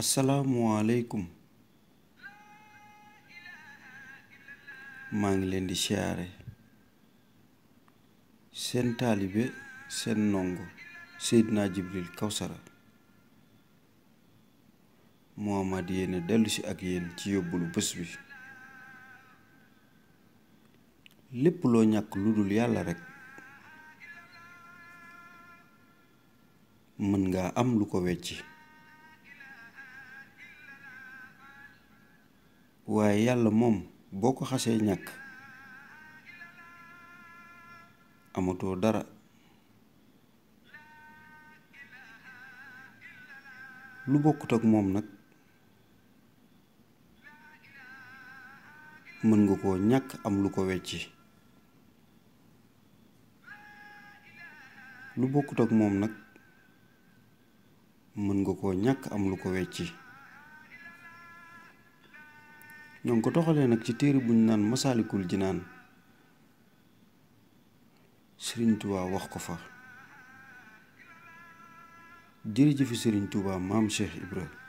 asalaamualeykum maa ngi leen di siyaare seen taalibe seen ndongo Seydina Jibril Kawsara moo amaat yéene dellusi ak yéen ci yóbbulu bés bi lépp loo ñàkk lu dul yàlla rekk mën ngaa am lu ko wecci waaye yàlla moom boo ko xasee ñàkk amatoo dara lu bokkut ak moom nag mën nga koo ñàkk am lu ko wecci lu bokkut ak moom nag mën nga koo ñàkk am lu ko wecci ñoo ngi ko toxalee nag ci téere ñu naan masaalikul naan sëriñ Tuubaa wax ko fa jërëjëfi sëriñ Tuubaa maam Cheikh Ibra